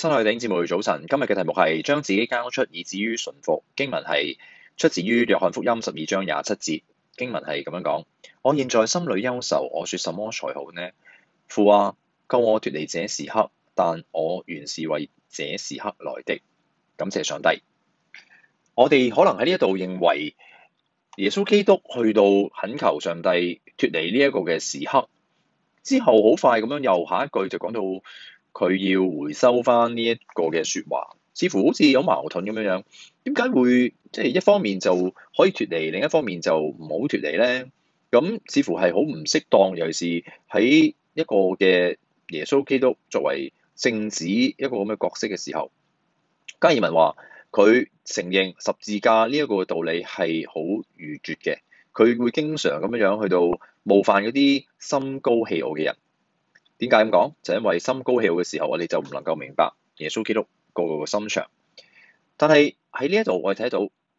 新海鼎節目嘅早晨。今日嘅題目係將自己交出，以至於順服。經文係出自於約翰福音十二章廿七節。經文係咁樣講： 我現在心裏憂愁，我說什麼才好呢？父啊，救我脱離這時刻，但我原是為這時刻來的。感謝上帝。我哋可能喺呢一度認為耶穌基督去到懇求上帝脱離呢一個嘅時刻之後，好快咁樣又下一句就講到。佢要回收翻呢一個嘅説話，似乎好似有矛盾咁樣樣。點解會即係一方面就可以脫離，另一方面就唔好脫離咧？咁似乎係好唔適當，尤其是喺一個嘅耶穌基督作為聖子一個咁嘅角色嘅時候。加爾文話：佢承認十字架呢一個道理係好愚拙嘅，佢會經常咁樣樣去到冒犯嗰啲心高氣傲嘅人。點解咁講？就因為心高氣傲嘅時候，我哋就唔能夠明白耶穌基督個個嘅心腸。但係喺呢一度我哋睇到，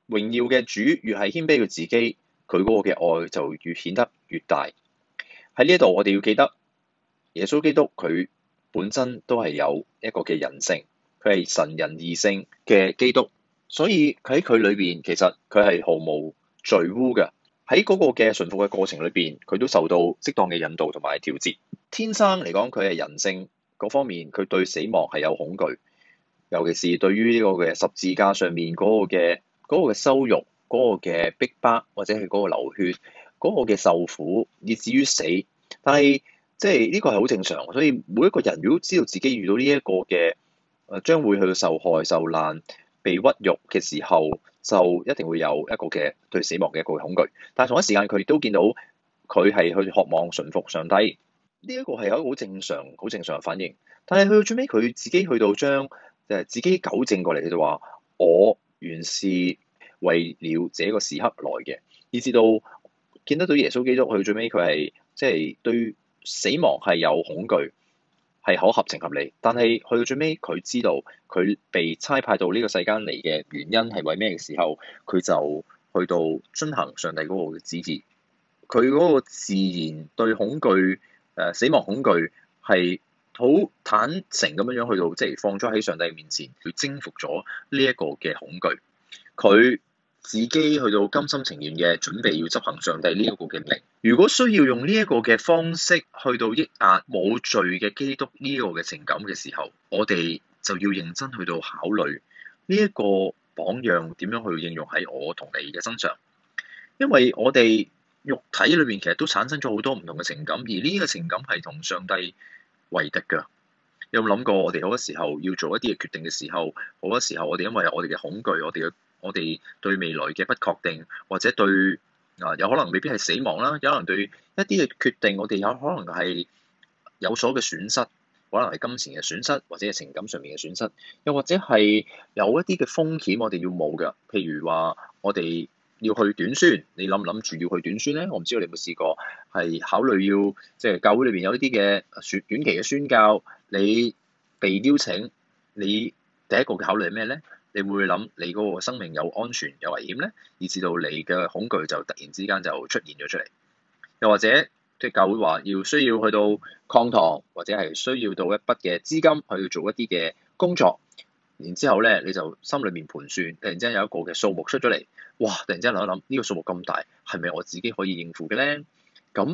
榮耀嘅主越係謙卑佢自己，佢嗰個嘅愛就越顯得越大。喺呢一度我哋要記得，耶穌基督佢本身都係有一個嘅人性，佢係神人二性嘅基督，所以佢喺佢裏邊其實佢係毫無罪污嘅。喺嗰個嘅順服嘅過程裏邊，佢都受到適當嘅引導同埋調節。天生嚟講，佢係人性嗰方面，佢對死亡係有恐懼，尤其是對於呢個嘅十字架上面嗰個嘅嗰個嘅羞辱、嗰個嘅逼迫，迫或者係嗰個流血、嗰個嘅受苦，以至於死。但係即係呢個係好正常，所以每一個人如果知道自己遇到呢一個嘅，誒將會去受害受難、被屈辱嘅時候。就一定會有一個嘅對死亡嘅一個恐懼，但係同一時間佢亦都見到佢係去渴望順服上帝呢、這個、一個係一個好正常、好正常嘅反應。但係去到最尾，佢自己去到將誒、就是、自己糾正過嚟，佢就話我原是為了這個時刻來嘅，以至到見得到耶穌基督，去最尾佢係即係對死亡係有恐懼。係好合情合理，但係去到最尾，佢知道佢被差派到呢個世間嚟嘅原因係為咩嘅時候，佢就去到遵行上帝嗰個指示。佢嗰個自然對恐懼，誒、呃、死亡恐懼係好坦誠咁樣樣去到，即、就、係、是、放咗喺上帝面前，佢征服咗呢一個嘅恐懼。佢。自己去到甘心情願嘅準備要執行上帝呢一個嘅命令，如果需要用呢一個嘅方式去到抑壓冇罪嘅基督呢個嘅情感嘅時候，我哋就要認真去到考慮呢一個榜樣點樣去應用喺我同你嘅身上，因為我哋肉體裏邊其實都產生咗好多唔同嘅情感，而呢個情感係同上帝為敵噶有冇諗過我哋好多時候要做一啲嘅決定嘅時候，好多時候我哋因為我哋嘅恐懼，我哋嘅。我哋對未來嘅不確定，或者對啊有可能未必係死亡啦，有可能對一啲嘅決定，我哋有可能係有所嘅損失，可能係金錢嘅損失，或者係情感上面嘅損失，又或者係有一啲嘅風險，我哋要冒嘅。譬如話，我哋要去短宣，你諗唔諗住要去短宣咧？我唔知道你有冇試過係考慮要即係、就是、教會裏邊有呢啲嘅短短期嘅宣教，你被邀請，你第一個嘅考慮係咩咧？你會唔會諗你嗰個生命有安全有危險咧，以至到你嘅恐懼就突然之間就出現咗出嚟。又或者即係教會話要需要去到擴堂，或者係需要到一筆嘅資金去做一啲嘅工作。然之後咧，你就心裡面盤算，突然之間有一個嘅數目出咗嚟，哇！突然之間諗一諗，呢、這個數目咁大，係咪我自己可以應付嘅咧？咁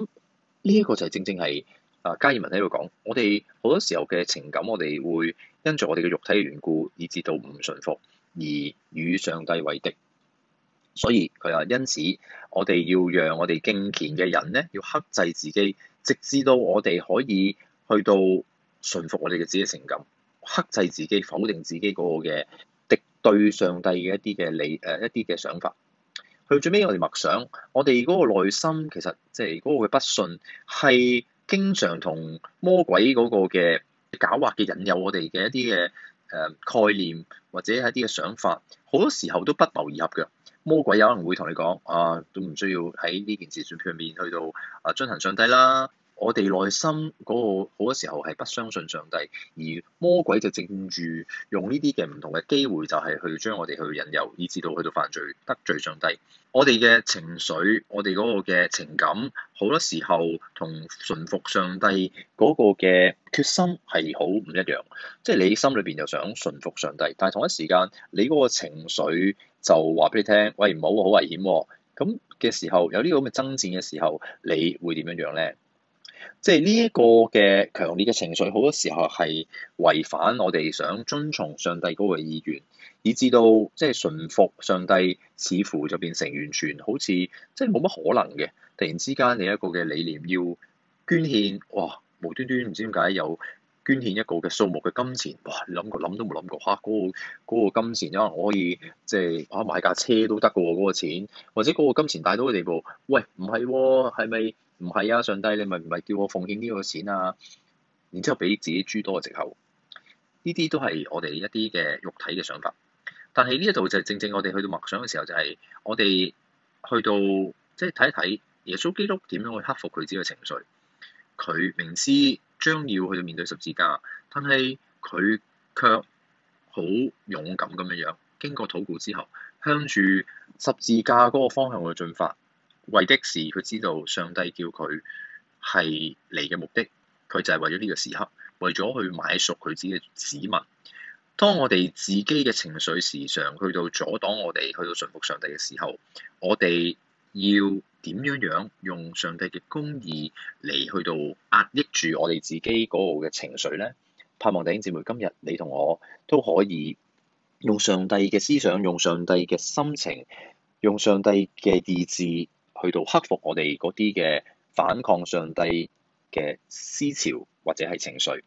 呢一個就係、是、正正係。啊，加爾文喺度講，我哋好多時候嘅情感，我哋會因住我哋嘅肉體嘅緣故，以至到唔順服，而與上帝為敵。所以佢話，因此我哋要讓我哋敬虔嘅人咧，要克制自己，直至到我哋可以去到順服我哋嘅自己情感，克制自己，否定自己嗰個嘅敵對上帝嘅一啲嘅理誒一啲嘅想法。去最尾我哋默想，我哋嗰個內心其實即係嗰個嘅不信係。經常同魔鬼嗰個嘅狡猾嘅引誘，我哋嘅一啲嘅誒概念或者係一啲嘅想法，好多時候都不謀而合嘅。魔鬼有可能會同你講啊，都唔需要喺呢件事上面去到啊遵行上帝啦。我哋內心嗰個好多時候係不相信上帝，而魔鬼就正住用呢啲嘅唔同嘅機會，就係去將我哋去引誘，以至到去到犯罪得罪上帝。我哋嘅情緒，我哋嗰個嘅情感，好多時候同順服上帝嗰個嘅決心係好唔一樣。即係你心裏邊又想順服上帝，但係同一時間你嗰個情緒就話俾你聽：喂，唔好，好危險喎。咁嘅時候有呢個咁嘅爭戰嘅時候，你會點樣樣咧？即係呢一個嘅強烈嘅情緒，好多時候係違反我哋想遵從上帝嗰個意願，以至到即係順服上帝，似乎就變成完全好似即係冇乜可能嘅。突然之間，你一個嘅理念要捐獻，哇！無端端唔知點解有捐獻一個嘅數目嘅金錢，哇！諗過諗都冇諗過，吓，嗰個嗰個金錢，有可能可以即係我買架車都得嘅喎嗰個錢，或者嗰個金錢大到嘅地步，喂，唔係喎，係咪？唔係啊！上帝，你咪唔係叫我奉獻呢個錢啊？然之後俾自己諸多嘅藉口，呢啲都係我哋一啲嘅肉體嘅想法。但係呢一度就正正我哋去到默想嘅時候就，就係我哋去到即係睇一睇耶穌基督點樣去克服佢自己嘅情緒。佢明知將要去到面對十字架，但係佢卻好勇敢咁樣樣。經過禱告之後，向住十字架嗰個方向去進發。為的是佢知道上帝叫佢係嚟嘅目的，佢就係為咗呢個時刻，為咗去買贖佢自己嘅子民。當我哋自己嘅情緒時常去到阻擋我哋去到順服上帝嘅時候，我哋要點樣樣用上帝嘅公義嚟去到壓抑住我哋自己嗰個嘅情緒呢？盼望弟兄姊妹今日你同我都可以用上帝嘅思想，用上帝嘅心情，用上帝嘅意志。去到克服我哋嗰啲嘅反抗上帝嘅思潮或者係情緒，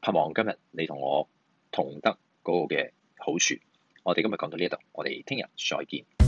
盼望今日你同我同得嗰個嘅好處，我哋今日講到呢一度，我哋聽日再見。